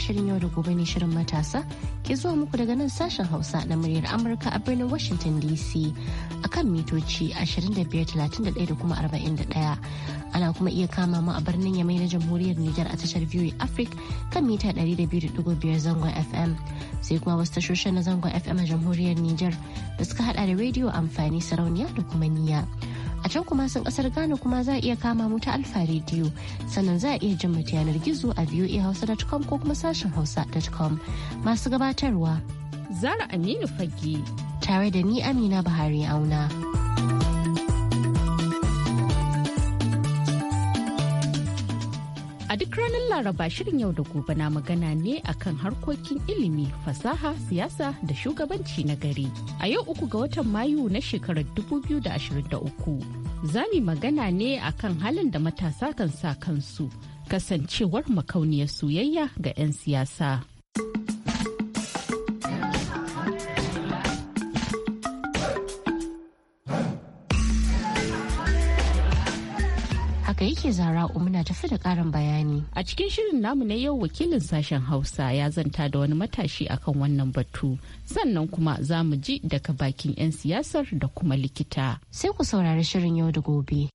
shirin yau da gobe ne shirin matasa ke zuwa muku daga nan sashen Hausa na muryar Amurka a birnin Washington DC a kan mitoci 2531 da kuma 41. Ana kuma iya kama mu a birnin Yamai na Jamhuriyar niger a tashar Viewer Africa kan mita 200.5 zangon FM. Sai kuma wasu tashoshin na zangon FM a Jamhuriyar niger da suka hada da rediyo amfani sarauniya da kuma niyya. a can kuma sun kasar Ghana kuma za a iya kama mu ta Alfa rediyo sannan za a iya jin mu ta yanar gizo a voahausa.com ko kuma sashen hausa.com masu gabatarwa. Zara Aminu Fagge. Tare da ni Amina Buhari Auna. A duk ranar Laraba shirin yau da gobe na magana ne akan harkokin ilimi, fasaha, siyasa da shugabanci na gari. A yau uku ga watan Mayu na shekarar 2023. za mu magana ne akan halin da matasa kan sa kansu kasancewar makauniyar soyayya ga 'yan siyasa. haka yake zara muna tafi da karin bayani a cikin shirin namu na yau wakilin sashen hausa ya zanta da wani matashi akan wannan batu sannan kuma za mu ji daga bakin 'yan siyasar da kuma likita sai ku saurari shirin yau da gobe.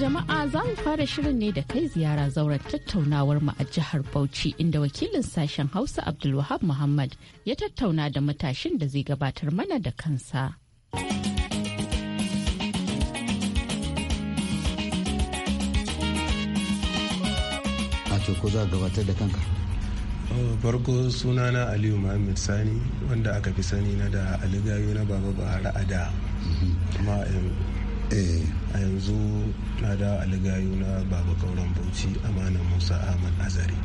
jama'a za mu fara shirin ne da kai ziyara zauren tattaunawar mu a jihar Bauchi inda wakilin sashen Hausa Abdulwahab Muhammad ya tattauna da matashin da zai gabatar mana da kansa. ce ko za gabatar da kanka oh, farko sunana aliyu muhammad sani wanda aka fi sani na da aligayo na baba bahara a da mhm. eh, eh, a yanzu na da aligayu na baba kauran bauchi amana musa ahmad azari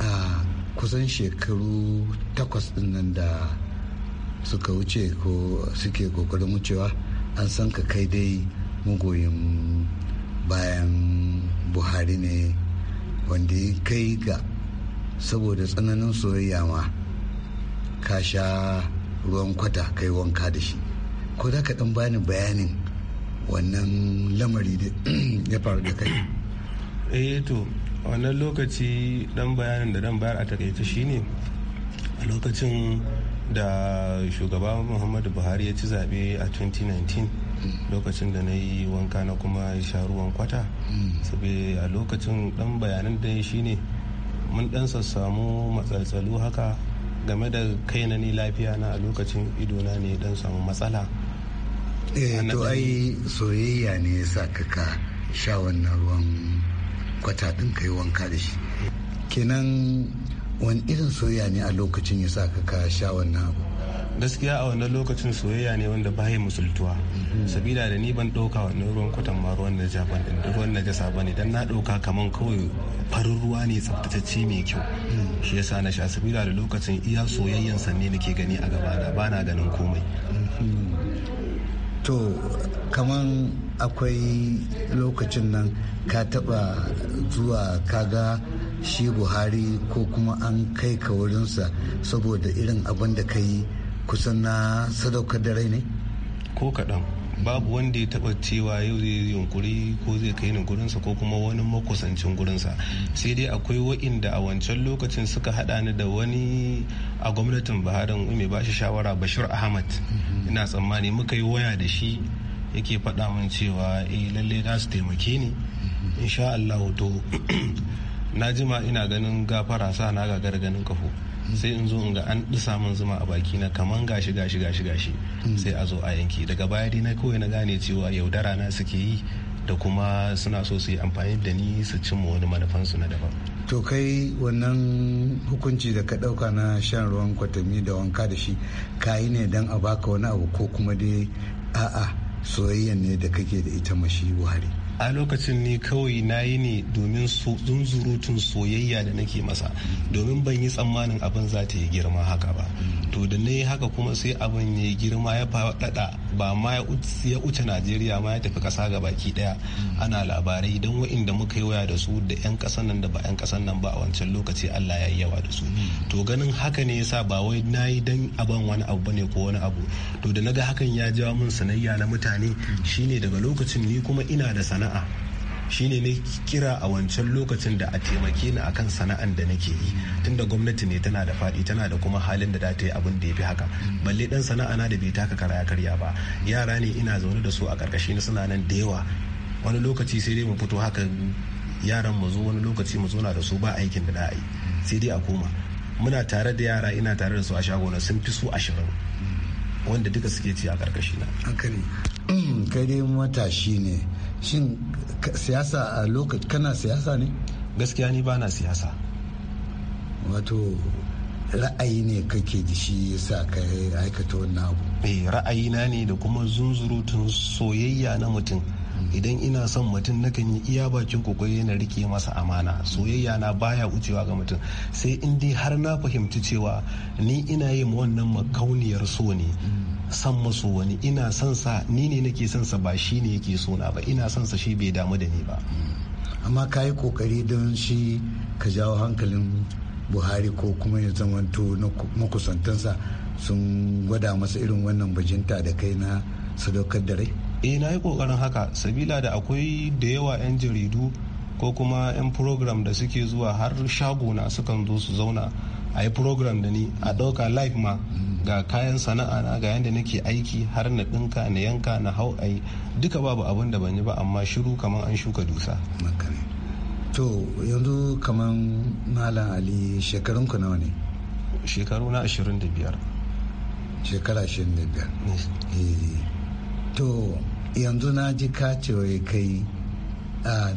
a kusan shekaru takwas din nan da suka wuce ko suke kokarin wucewa an san ka kai dai mugoyin bayan buhari ne wanda ya kai ga saboda tsananin soyayya ma ka sha ruwan kwata kai wanka da shi ko da ka dan bani bayanin wannan lamari da ya faru da kai eh to wannan lokaci dan bayanin da dan bayar a takaice shine a lokacin da shugaba muhammadu buhari ya ci zaɓe a 2019 mm. lokacin da na yi wanka na kuma sha ruwan kwata mm. sabi a lokacin dan bayanan da shine mun dan sassamu matsaltsalu haka game da kai na ni lafiya na a lokacin idona ne dan samu matsala Eh, to ai soyayya ne ya sa ka ka sha wannan ruwan kwata din yi wanka da shi kenan wani irin soyayya ne a lokacin ya sa ka ka sha wannan abu gaskiya a wannan lokacin soyayya ne wanda ba ya musultuwa mhm. sabida da ni ban ɗauka wannan ruwan kwatan ma ruwan najasa ban din ruwan najasa bane dan na ɗauka kaman kawai farin ruwa ne tsaftatacce mai kyau mhm. shi yasa na sha sabida da lokacin iya soyayyan sanne nake gani a gaba na bana ganin komai mhm. to kaman akwai lokacin nan ka taba zuwa kaga shi buhari ko kuma an kai ka wurinsa saboda irin abin da ka yi kusan na sadaukar da rai ne ko kaɗan babu wanda ya taba cewa yau zai yunkuri ko zai kai ni gurinsa ko kuma wani makusancin gurinsa sai dai akwai wa'inda a wancan lokacin suka hada ni da wani a gwamnatin baharin mai shi shawara bashir ahmad mhm. ina tsammani muka yi waya da shi yake faɗa min cewa eh lalle za su taimake ni mhm. insha Allah to na jima ina ganin gafara sa na ga ganin kafo sai in zo in ga an ɗi samun zuma a baki na kaman gashi gashi gashi gashi mm. sai a zo a yanki daga baya dai na kawai na gane cewa yaudara na suke yi da kuma suna so su yi amfani da ni su cimma wani manufan su na daban. To kai wannan hukunci da ka ɗauka na shan ruwan kwatami da wanka da shi ka yi ne don a baka wani abu ko kuma dai a'a soyayya ne da kake da ita mashi Buhari. a lokacin ni kawai na yi ne domin zunzurutun soyayya da nake masa domin ban yi tsammanin abin za ta yi girma haka ba to da na yi haka kuma sai abin ya girma ya faɗaɗa ba ma ya wuce najeriya ma ya tafi ƙasa ga baki ɗaya ana labarai don wa'inda muka yi waya da su da 'yan ƙasan nan da ba 'yan ƙasan nan ba a wancan lokaci allah ya yi yawa da su to ganin haka ne yasa ba wai na yi don abin wani abu bane ko wani abu to da na ga hakan ya jawo min sanayya na mutane shine daga lokacin ni kuma ina da sana'a sana'a shine ne kira a wancan lokacin da a taimake ni akan sana'an da nake yi tunda gwamnati ne tana da faɗi tana da kuma halin da ta yi abin da ya fi haka balle dan sana'a na da bai taka karaya karya ba yara ne ina zaune da su a karkashi na suna nan da yawa wani lokaci sai dai mu fito haka yaran mu zo wani lokaci mu zauna da su ba aikin da a yi sai dai a koma muna tare da yara ina tare da su a shago na sun fi su ashirin wanda duka suke ci a karkashi na Mm, kai dai matashi ne shin siyasa a lokaci kana siyasa ne gaskiya ni bana siyasa wato ra'ayi ne kake da shi yasa ka aikata wannan abu eh ra'ayi na ne da kuma zunzurutun soyayya na mutum idan ina son mutum nakan yi iya bakin kokari na rike masa amana soyayya na baya wucewa ga mutum sai in dai har na fahimci cewa ni ina yi ma wannan makauniyar so ne san maso wani ina son sa ni ne nake son sa ba shi ne yake so na ba ina son sa shi bai damu da ni ba amma ka yi kokari don shi ka jawo hankalin buhari ko kuma ya zamanto makusantansa sun gwada masa irin wannan bajinta da kai na sadaukar da rai eh na yi kokarin haka sabila da akwai da yawa 'yan jaridu ko kuma 'yan program da suke zuwa har shaguna sukan zo su zauna a yi program da ni a ɗauka live ma ga kayan sana'a na ga yadda nake aiki har na ɗinka na yanka na hau ai duka babu abin da ban yi ba amma shiru kamar an shuka dusa to yanzu kamar malam ali shekarunku nawa ne shekaru na 25 shekara 25 to yanzu na ji kacewa ya kai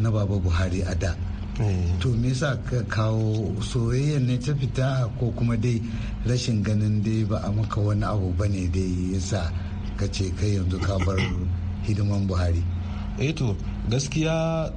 na baba buhari a da eh. to me yasa ka kawo soyayyar ne ta fita ko kuma dai rashin ganin dai ba a maka wani abu ba ne dai yasa ka ce kai yanzu ka bar hidiman buhari eh to gaskiya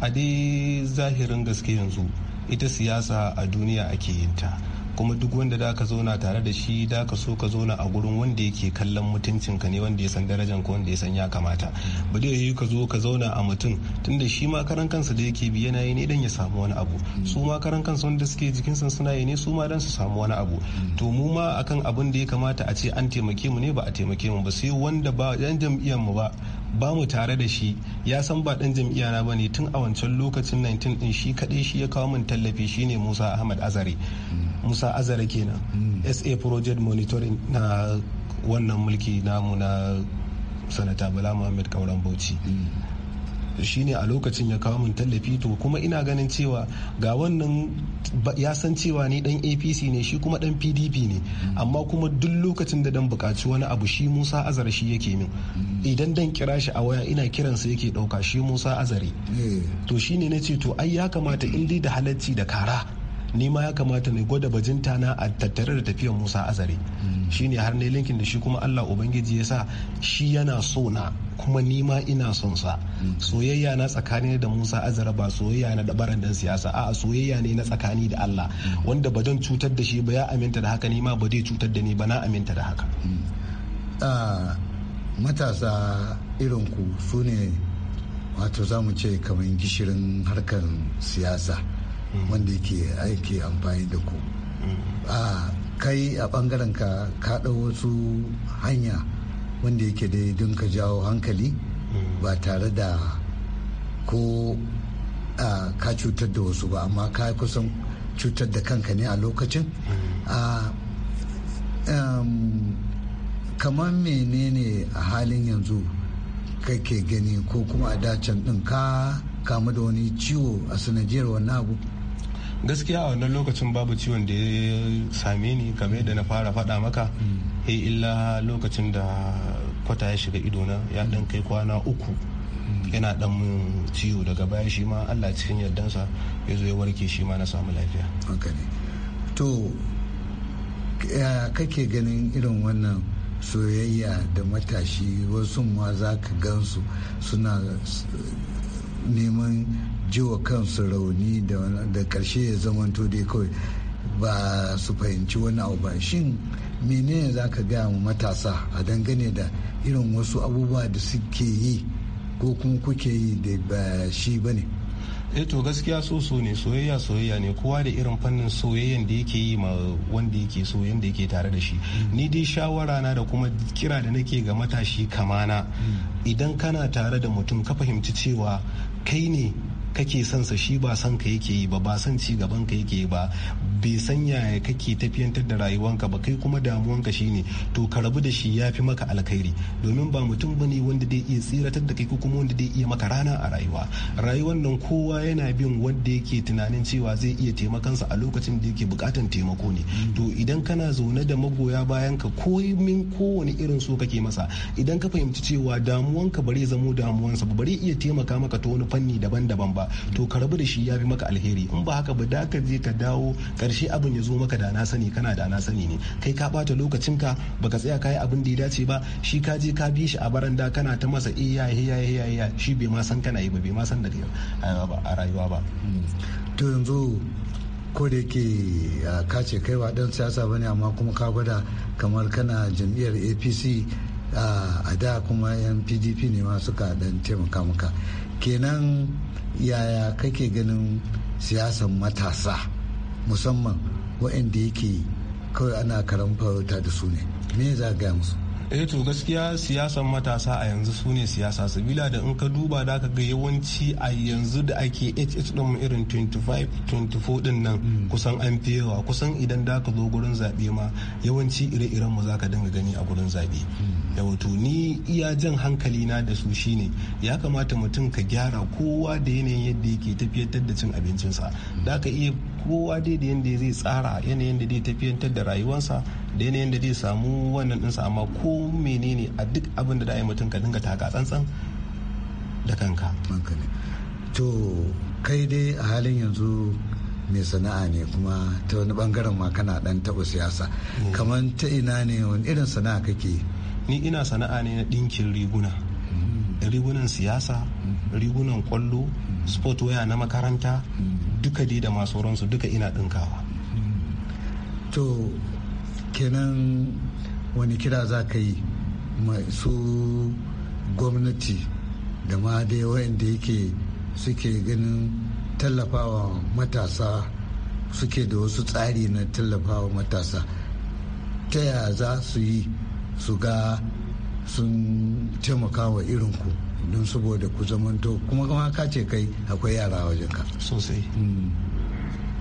a dai zahirin gaske yanzu ita siyasa a duniya ake yinta. kuma duk wanda da ka zauna tare da shi da ka so ka zauna a gurin wanda yake kallon mutuncin ka ne wanda ya san darajan ka wanda ya san ya kamata ba da yayi ka zo ka zauna a mutum tunda shi ma karan kansa da yake bi yana yi ne dan ya samu wani abu su ma karan kansa wanda suke jikin sun suna yi ne su ma dan su samu wani abu to mu ma akan abin da ya kamata a ce an taimake mu ne ba a taimake mu ba sai wanda ba yan jam'iyyar mu ba ba mu tare da shi ya san ba dan jam'iyya na bane tun a wancan lokacin 19 din shi kadai shi ya kawo min tallafi shine Musa Ahmad Azare Musa Azare kenan hmm. SA Project Monitoring na wannan mulki namu na sanata Bala Muhammad Kauran Bauchi hmm. shine a lokacin ya kawo min tallafi to kuma ina ganin cewa ga wannan ya san cewa ni dan apc ne shi kuma dan pdp ne amma kuma duk lokacin da dan bukaci wani abu shi musa azare shi yake min idan dan kira shi a waya ina kiransa yake ɗauka shi musa azare eh. to shine na ce to ai ya kamata in da halacci da kara ni ma ya kamata ne gwada bajinta na a tattare da tafiyar musa azare hmm. shine har ne linkin da shi kuma allah ubangiji ya sa shi yana so na kuma ni ma ina son sa hmm. soyayya na tsakani da musa azare ba soyayya na dabaran dan siyasa a'a soyayya ne na tsakani da allah hmm. wanda ba cutar da shi ba ya aminta da haka ni ma ba zai cutar da ni ba na aminta da haka ah, matasa irin ku su ne wato zamu ce kamar gishirin harkar siyasa wanda yake aiki amfani da ku a kai a bangaren ka ka wasu hanya wanda yake dai don ka jawo hankali ba tare da ko ka cutar da wasu ba amma ka kusan cutar da kanka ne a lokacin a kamar menene a halin yanzu kake gani ko kuma a dacen ɗin ka kamu da wani ciwo a sanadiyar wani abu gaskiya a wannan lokacin babu ciwon da ya same ni kamar da na fara faɗa maka mm. he eh, illa lokacin da kwata ya shiga idona ya ɗan kai kwana uku mm. yana dan mun ciwo daga baya shi ma allah cikin yardansa ya zo ya warke shi ma na samu lafiya to kake ganin irin wannan soyayya da matashi wasu ma za ka gansu suna neman jiwa kansu rauni da karshe ya zamanto dai kawai ba su fahimci wani abu ba shin menene za ka gaya mu matasa a dangane da irin wasu abubuwa da suke yi ko kuma kuke yi da ba shi ba ne eh to gaskiya so so ne soyayya soyayya ne kowa da irin fannin soyayyan da yake yi ma wanda yake so yanda yake tare da shi mm. ni dai shawara na da kuma kira da nake ga matashi kamana mm. idan kana tare da mutum ka fahimci cewa kai ne kake son sa shi ba son ka yake yi ba ba son ci gaban ka yake yi ba bai san yaya kake tafiyantar da rayuwanka ba kai kuma damuwanka shine to ka rabu da shi ya fi maka alkhairi domin ba mutum bane wanda zai iya tsiratar da kai ko kuma wanda zai iya maka rana a rayuwa rayuwar nan kowa yana bin wanda yake tunanin cewa zai iya taimakansa a lokacin da yake bukatan taimako ne to idan kana zaune da magoya bayan ka ko min kowane irin so kake masa idan ka fahimci cewa damuwanka bare zamo damuwansa ba bare iya taimaka maka ta wani fanni daban-daban ba to ka rabu da shi ya fi maka alheri in ba haka ba da ka je ka dawo karshe abin ya zo maka da na sani kana da na sani ne kai ka bata lokacinka baka tsaya ka yi abin da ya dace ba shi ka je ka bi shi a baranda kana ta masa iya eh, iya iya iya shi bai ma san kana yi ba bai ma san da a rayuwa ba to yanzu ko da yake ka ce kai wa dan siyasa bane amma kuma ka gwada kamar kana jam'iyyar APC a da kuma yan pdp ne ma suka dan taimaka maka kenan yaya kake ganin siyasan matasa musamman waɗanda yake kawai ana karan da su ne me za gaya musu eh to gaskiya siyasan matasa a yanzu su ne siyasa sabila da in ka duba da ka ga yawanci a yanzu da ake hh din irin 25 24 din nan mm. kusan an fiyewa kusan idan da ka zo gurin zaɓe ma yawanci ire-iren mu za ka dinga gani a gurin zaɓe wato mm. ni iya jan hankali na da su shine ya kamata mutum ka gyara kowa da yanayin yadda yake tafiyantar da cin abincinsa da mm. ka iya kowa dai da yadda zai tsara yanayin da zai tafiyantar da rayuwarsa da yanayin da zai samu wannan ɗinsa amma ko menene a duk abin da da mutum ka dinga taka tsantsan da kanka to kai dai a halin yanzu mai sana'a ne kuma ta wani bangaren ma kana dan taɓa siyasa mm. kamar ta ina ne wani irin sana'a kake ni ina sana'a ne na ɗinkin riguna mm. rigunan siyasa mm. rigunan kwallo sport waya na makaranta duka dai da masu ransu duka ina ɗinkawa to kenan wani kira za ka yi su gwamnati da ma dai wayanda yake suke ganin tallafawa matasa suke da wasu tsari na tallafawa matasa ta yaya za su yi su ga sun taimakawa wa irinku don saboda ku zamanto kuma kama ka ce kai akwai yara wajenka sosai mm.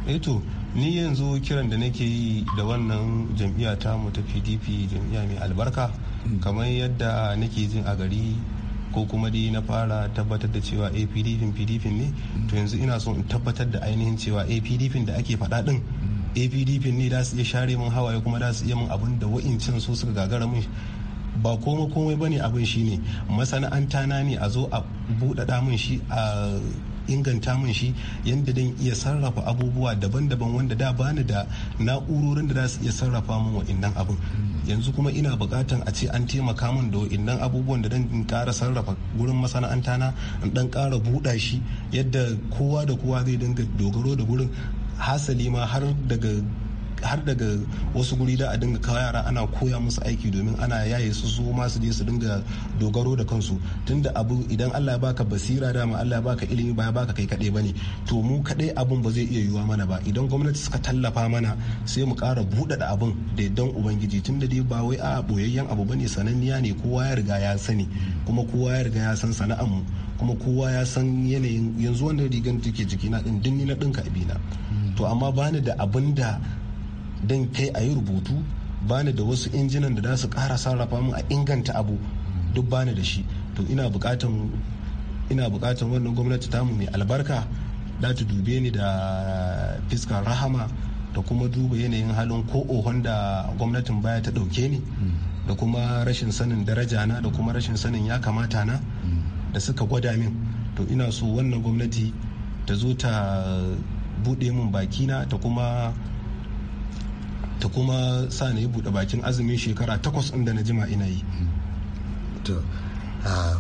eto eh ni yanzu kiran da nake yi da wannan jam'iyya ta mu ta pdp jam'iyya mai albarka mm. kamar yadda nake jin a gari ko kuma dai na fara tabbatar da cewa a eh, pdp ne mm. to yanzu ina so in tabbatar da ainihin cewa a eh, da ake faɗa ɗin apdp mm. ne da su iya share min hawaye kuma da su iya min abin da wa'incin su suka gagara min ba komai komai bane abin shine masana'anta na ne a zo a buɗaɗa min shi a inganta min shi yadda zan iya sarrafa abubuwa daban-daban wanda da bani da na'urorin da za su iya sarrafa min innan abin yanzu kuma ina bukatan a ce an taimaka min da innan abubuwan da dan kara sarrafa gurin masana'anta na in dan kara buɗa shi yadda kowa da kowa zai dinga dogaro da gurin hasali ma har daga har daga wasu guri da a dinga kawo yara ana koya musu aiki domin ana yaye su su ma su je su dinga dogaro da kansu tunda abu idan Allah ya baka basira dama Allah ya baka ilimi ba ya baka kai kadai bane to mu kadai abun ba zai iya yiwuwa mana ba idan gwamnati suka tallafa mana sai mu kara buɗe da abun da dan ubangiji tunda dai ba wai a boyayyen abu bane sananniya ne kowa ya riga ya sani kuma kowa ya riga ya san sana'ar mu kuma kowa ya san yanayin yanzu wanda rigan take jikina din dinni na dinka abina to amma bani da abin da don kai a yi rubutu bani da wasu injinan da za su kara sarrafa mu a inganta abu duk bani da shi to ina bukatan ina bukatan wannan gwamnati tamu mai albarka za ta dube ni da fiskar rahama da kuma duba yanayin halin ko ohon da gwamnatin baya ta ɗauke ni da kuma rashin sanin daraja na da kuma rashin sanin ya kamata na da suka gwada min to ina so wannan gwamnati ta zo ta buɗe min bakina ta kuma ta kuma sa ne yi buɗe bakin azumi shekara takwas inda na jima ina yi to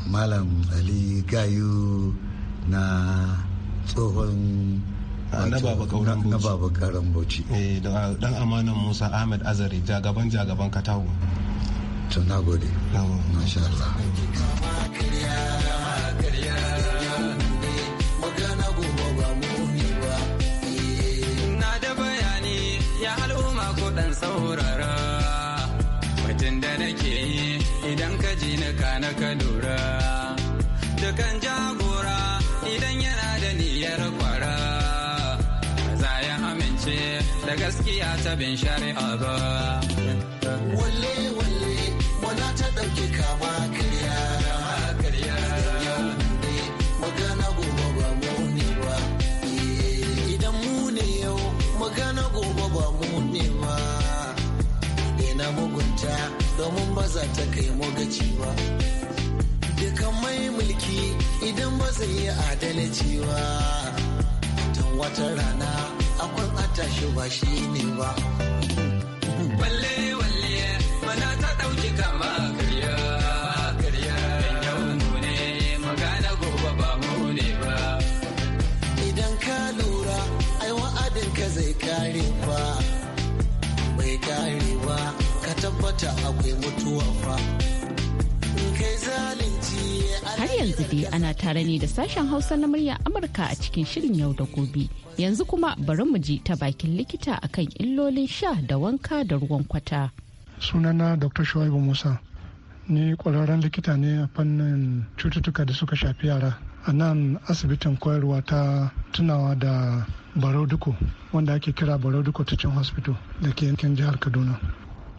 malam ali gayu na tsohon na baba karan bauchi dan eh, amanan musa ahmed azari jagaban jagaban katago to na gode masha Allah dan saurara mutum da nake yi idan ka ji na kana ka lura dukan jagora idan yana da niyyar kwara za ya amince da gaskiya ta bin shari'a ba walle walle wana ta dauke kama eh, yau magana gobe ba mu na mugunta domin ba za ta kai mugaci ba dukan mai mulki idan ba zai yi adalci ba tun wata rana akwai atashi ba shi ne ba balle walle mana ta ɗauki kama karya karya yau mu ne magana gobe ba mu ne ba idan ka lura ai wa'adin zai kare ba Har yanzu dai ana tare ne da sashen Hausa na murya Amurka a cikin shirin yau da gobe. Yanzu kuma bari mu ji ta bakin likita akan illolin sha da wanka da ruwan kwata. Sunana Dr. Shuaibu Musa. Ni kwararren likita ne a fannin cututtuka da suka shafi yara. A nan asibitin koyarwa ta tunawa da Barau wanda ake kira Barau Duko cin Hospital da ke yankin jihar Kaduna.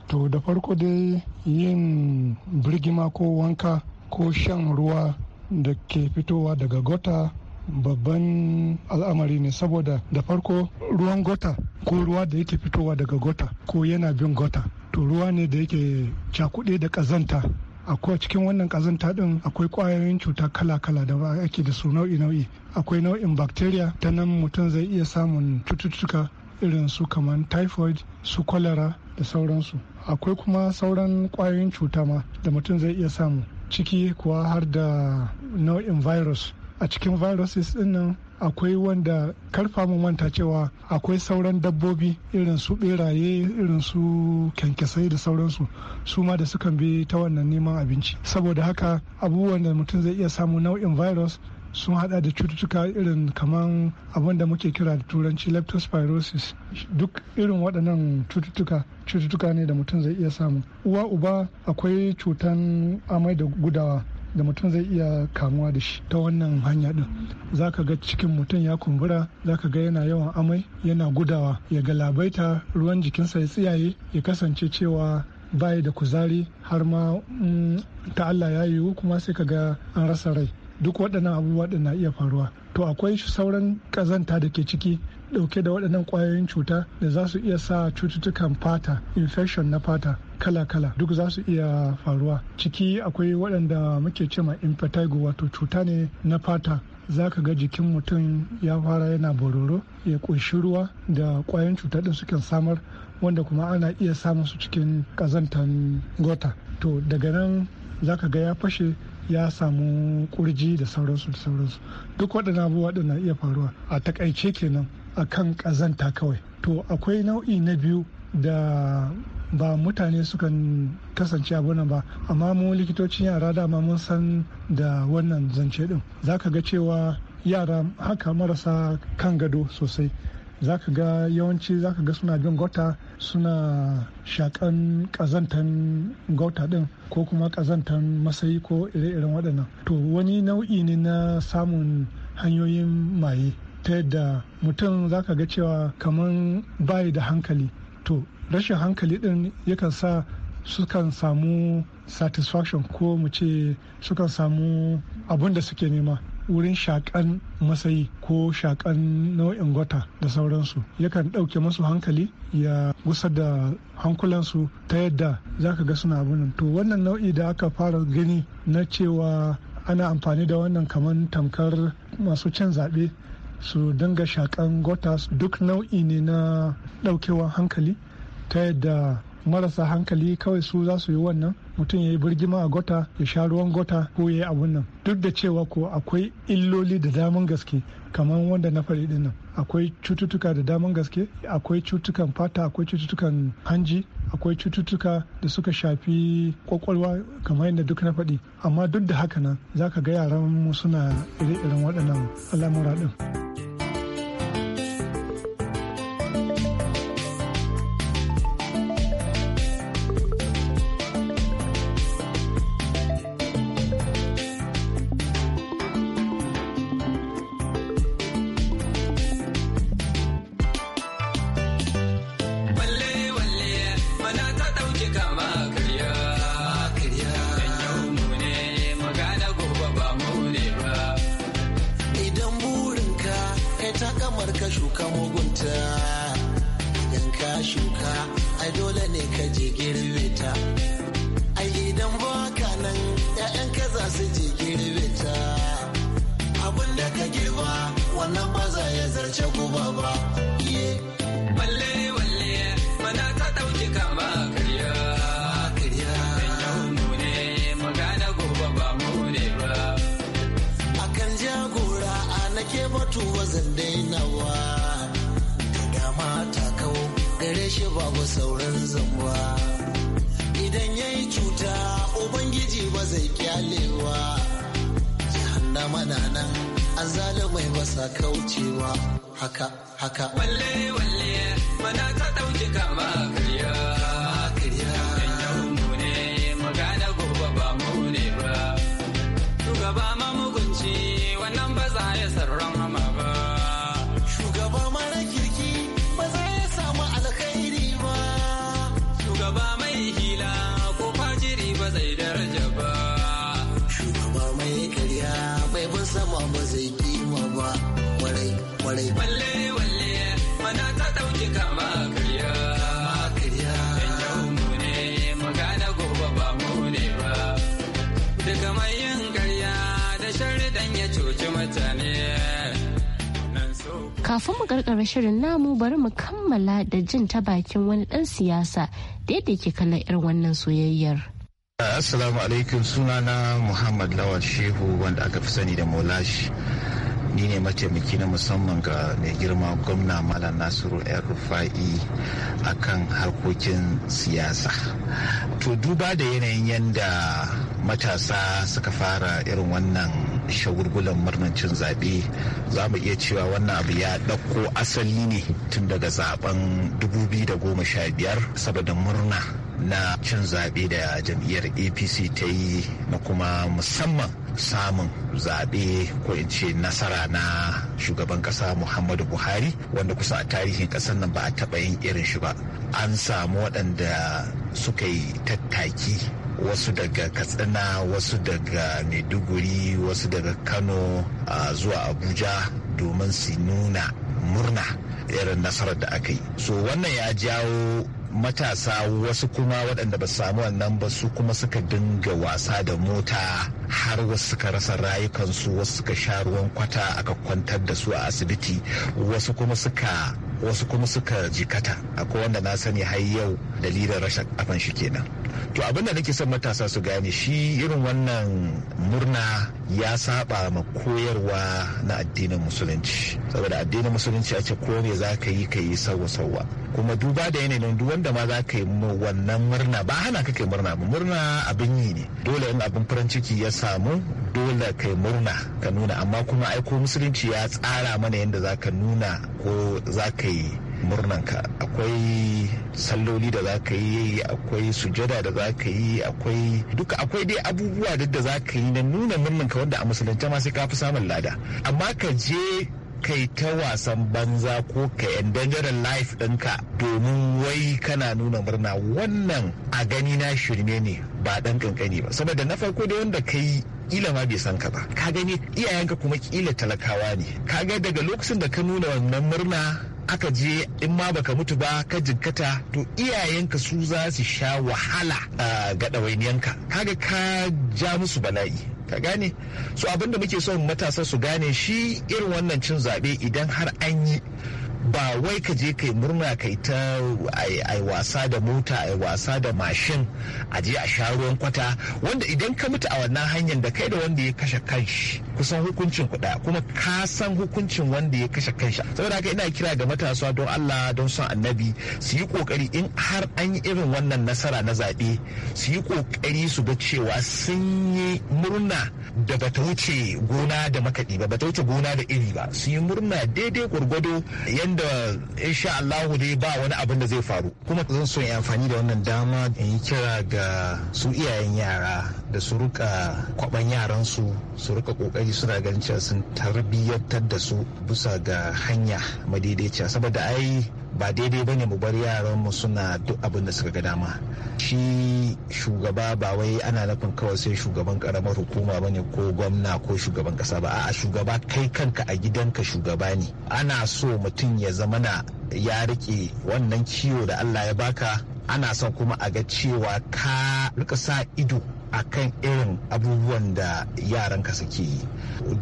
to da farko dai yin birgima ko wanka ko shan ruwa da ke fitowa daga gota babban al'amari ne saboda da farko ruwan gota ko ruwa da yake fitowa daga gota ko yana bin gota to ruwa ne da yake cakuɗe da ƙazanta akwai cikin wannan ƙazanta din akwai kwayoyin cuta kala-kala da ba ake da su nau'i-nau'i akwai nau'in bacteria ta nan mutum zai iya samun cututtuka irin su kamar typhoid su cholera da sauransu akwai kuma sauran kwayoyin cuta ma da mutum zai iya samu ciki kuwa har da nau'in virus a cikin viruses din nan akwai wanda karfa mu manta cewa akwai sauran dabbobi irin su beraye irin su kyankyasai da sauransu su ma da sukan bi ta wannan neman abinci saboda haka abubuwan da mutum zai iya samu nau'in virus sun hada da cututtuka irin kaman abin da muke kira da turanci leptospirosis duk irin waɗannan cututtuka cututtuka ne da mutum zai iya samu uwa uba akwai cutan amai da gudawa da mutum zai iya kamuwa da shi ta wannan hanya din za ka ga cikin mutum ya kumbura za ka ga yana yawan amai yana gudawa ya galabaita ruwan jikinsa ya tsiyaye ya kasance cewa baya da kuzari har ma mm, ta Allah ya yiwu kuma sai ka ga an rasa rai duk waɗannan abubuwa na iya faruwa to akwai sauran ƙazanta da ke ciki ɗauke da waɗannan ƙwayoyin cuta da za su iya sa cututtukan fata infection na fata kala-kala duk za su iya faruwa ciki akwai waɗanda muke cema impetigo wato cuta ne na fata za ka ga jikin mutum ya fara yana bororo ya ƙunshi ruwa da ƙwayoyin cuta ɗin suke samar wanda kuma ana iya samun su cikin ƙazantan gota to daga nan za ka ga ya fashe ya samu kurji da sauransu da sauransu duk waɗannan abubuwa na iya faruwa a takaice kenan a kan ƙazanta kawai to akwai nau'i na biyu da ba mutane sukan kasance abunan ba amma mu likitocin yara dama mun san da wannan zance din ka ga cewa yara haka marasa kan gado sosai za ka ga yawanci za ka ga suna bin gota suna shakan kazantan gauta din ko kuma kazantan masayi ko ire-iren waɗannan to wani nau'i ne na samun hanyoyin maye ta yadda mutum za ka ga cewa kamar bayi da hankali to rashin hankali din yakan sa sukan samu satisfaction ko mu ce sukan samu abun da suke nema wurin shakan masayi ko shakan nau'in gwata da sauransu yakan ɗauke masu hankali ya gusa da hankulansu ta yadda za ka ga suna abin to wannan nau'i da aka fara gani na cewa ana amfani da wannan kamar tamkar masu cin zaɓe su dinga shakan gwata duk nau'i ne na ɗaukewa hankali ta yadda marasa hankali kawai su za su yi wannan mutum ya yi birgima a gota ya sha ruwan gota ko ya yi abun nan duk da cewa ko akwai illoli da daman gaske kamar wanda na faɗi dinnan akwai cututtuka da daman gaske akwai cututtukan fata akwai cututtukan hanji akwai cututtuka da suka shafi kwakwalwa kamar yadda duk na faɗi amma duk da haka nan za ka ga yaran mu suna ire-iren waɗannan al'amura ɗin. ka shuka mugunta idan ka shuka ai dole ne ka je girbe ta ai idan baka nan ƴaƴan ka za su je girbe ta abin da ka girba wannan ba za ya zarce guba ba balle balle mana ta ɗauki kama mutuwa zan dainawa da dama ta kawo gare shi babu sauran zamba idan ya yi cuta ubangiji ba zai kyalewa jahannama na nan azalumai ba basa kaucewa haka haka walle walle mana ta ɗauki kama karya Kafin mu karkara shirin namu bari mu kammala da jin ta bakin wani ɗan siyasa da yadda ke kallon irin wannan soyayyar. Assalamu alaikum sunana Muhammad Lawal Shehu wanda aka fi sani da Molashi. ni ne mataimaki na musamman ga mai girma gwamna malam nasiru yar rufa'i a kan harkokin siyasa to duba da yanayin yadda matasa suka fara irin wannan shagulgulan murnar cin zaɓe za mu iya cewa wannan abu ya ɗauko asali ne tun daga zaben 2015 saboda murna na cin zaɓe da jam'iyyar apc ta yi na kuma musamman samun zaɓe ko in ce nasara na shugaban ƙasa muhammadu buhari wanda kusa a tarihin ƙasar nan ba a taɓa yin irin shi ba an samu waɗanda suka yi tattaki wasu daga katsina wasu daga maiduguri wasu daga kano a zuwa abuja domin su nuna murna irin nasarar da aka yi so wannan ya jawo matasa wasu kuma waɗanda ba samu wannan ba su kuma suka dinga wasa da mota har wasu suka rasa rayukansu wasu suka sha ruwan kwata aka kwantar da su a asibiti wasu kuma suka wasu kuma suka jikata akwai wanda na sani har yau dalilin rashin kafan shi kenan to abin da nake son matasa su gane shi irin wannan murna ya saba ma koyarwa na addinin musulunci saboda addinin musulunci a ce ko me za ka yi ka yi sauwa sauwa kuma duba da yanayin duk wanda ma za ka yi wannan murna ba hana ka kai murna ba murna abin yi ne dole in abin farin ciki ya samu dole kai murna ka nuna amma kuma aiko musulunci ya tsara mana yadda za ka nuna ko za ka yi murnanka akwai salloli da za ka yi akwai sujada da za ka yi akwai duka akwai dai abubuwa da za ka yi na nuna murnanka wanda a musulunce ma sai ka fi samun lada amma ka je kai ta wasan banza ko ka endanger life ɗinka domin wai kana nuna murna wannan a gani na shirme ne ba ɗan kankani ba saboda na farko dai wanda ka yi kila ma bai san ka ba ka gani iyayenka kuma kila talakawa ne ka ga daga lokacin da ka nuna wannan murna aka je in ma baka mutu ba ka jinkata to iyayenka su za su sha wahala ga ɗawainiyanka kaga ka ja musu bala'i ka gane so abinda muke son matasa su gane shi irin wannan cin zaɓe idan har an yi ba wai ka je kai murna kai ta ai wasa da mota ai wasa da mashin a je a sha ruwan kwata wanda idan ka mutu a wannan hanyar da kai da wanda ya kashe kanshi kusan hukuncin kuɗa kuma ka san hukuncin wanda ya kashe kanshi saboda haka ina kira ga matasa don Allah don son annabi su yi kokari in har an yi irin wannan nasara na zaɓe su yi kokari su ga cewa sun yi murna da bata wuce gona da makaɗi ba bata wuce gona da iri ba su yi murna daidai gwargwado yan wanda insha Allahu dai ba wani abin da zai faru kuma zan so in amfani da wannan dama in yi kira ga su iyayen yara da su rika kwaban yaran su su rika kokari suna ganin cewa sun tarbiyyantar da su bisa ga hanya madaidaiciya saboda ai ba daidai ba ne mu bar yaran mu suna duk abin da suka ga dama shi shugaba ba wai ana nufin kawai sai shugaban karamar hukuma ba ne ko gwamna ko shugaban kasa ba a'a shugaba kai kanka a gidanka shugaba ne ana so mutum ya zama na ya rike wannan ciwo da allah ya baka ana son kuma a ga cewa ka rika sa ido a kan irin abubuwan da yaranka suke yi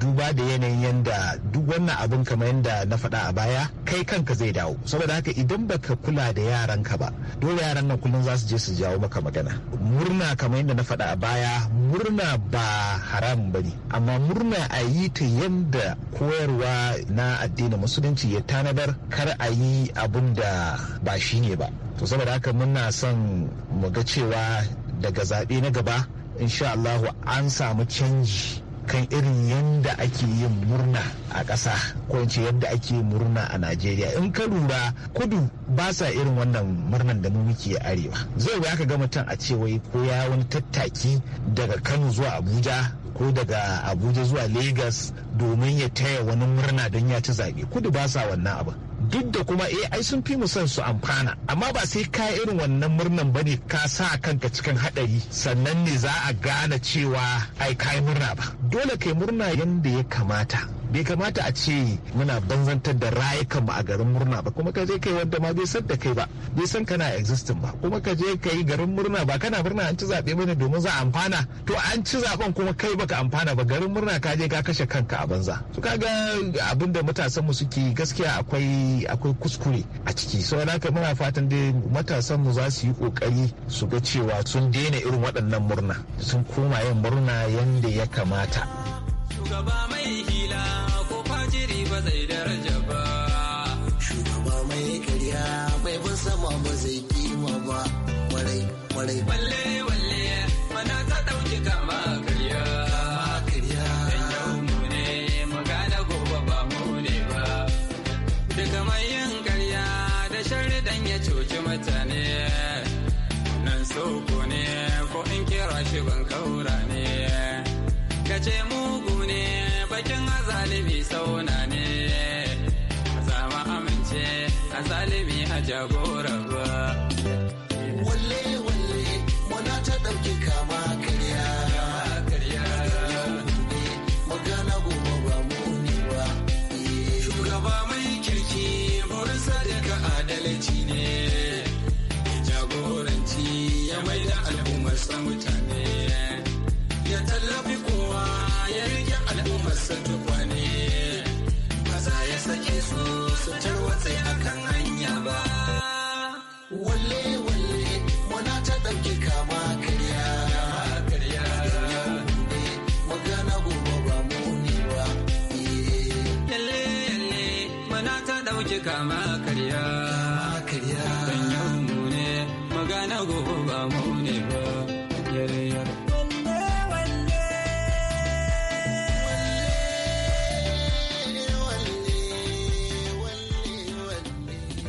duba da yanayin yadda duk wannan abin kamar yadda na faɗa a baya kai kanka zai dawo saboda haka idan baka kula da yaranka ba dole yaran nan kullum za su je su jawo maka magana murna kamar yadda na faɗa a baya murna ba haram ba ne amma murna a yi ta yadda koyarwa na addinin musulunci ya tanadar kar a yi abin da ba shi ne ba to saboda haka muna son mu ga cewa daga zaɓe na gaba insha Allahu an samu canji kan irin yadda ake yin murna a ƙasa ko in ce yadda ake murna a Najeriya in ka lura kudu ba sa irin wannan murnan da mu muke arewa zai wuya ka ga mutum a ce wai ko ya wani tattaki daga Kano zuwa Abuja ko daga Abuja zuwa Lagos domin ya taya wani murna don ya ci zaɓe kudu ba sa wannan abin duk da kuma eh ai sun fi mu son su amfana amma ba sai ka irin wannan murnan ne ka sa kanka cikin hadari sannan ne za a gane cewa ai kai murna ba dole kai murna yanda ya kamata bai kamata a ce muna banzantar da rayukan mu a garin murna ba kuma ka je kai wanda ma bai san da kai ba bai san kana existing ba kuma ka je kai garin murna ba kana murna an ci zabe mana domin za a amfana to an ci zaɓen kuma kai baka amfana ba garin murna ka je ka kashe kanka a banza to kaga abin da matasan mu suke gaskiya akwai akwai kuskure a ciki na ka muna fatan dai matasan mu za su yi kokari su ga cewa sun daina irin waɗannan murna sun koma yin murna yanda ya kamata shugaba mai kwarai balle balle mana kama karya karya yau mu mu gane gobe ba mune ba daga mai yin karya da sharri dan ya cuci mutane nan sauko ne ko in kira shi ban kaura ne ka ce mugu ne bakin azalimi sauna ne a zama amince azalimi a jagora gobe ba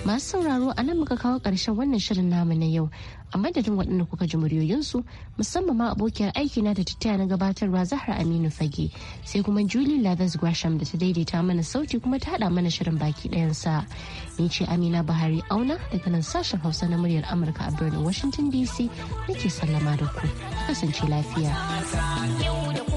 masu sauraro a nan muka kawo ƙarshen wannan shirin namu na yau a madadin waɗanda kuka ji muryoyinsu musamman ma abokiyar aiki na da tattaya na gabatarwa zahra aminu fage sai kuma julie lathers gwasham da ta daidaita mana sauti kuma ta haɗa mana shirin baki ɗayansa ni ce amina buhari auna daga nan sashen hausa na muryar amurka a birnin washington dc nake sallama da ku kasance lafiya.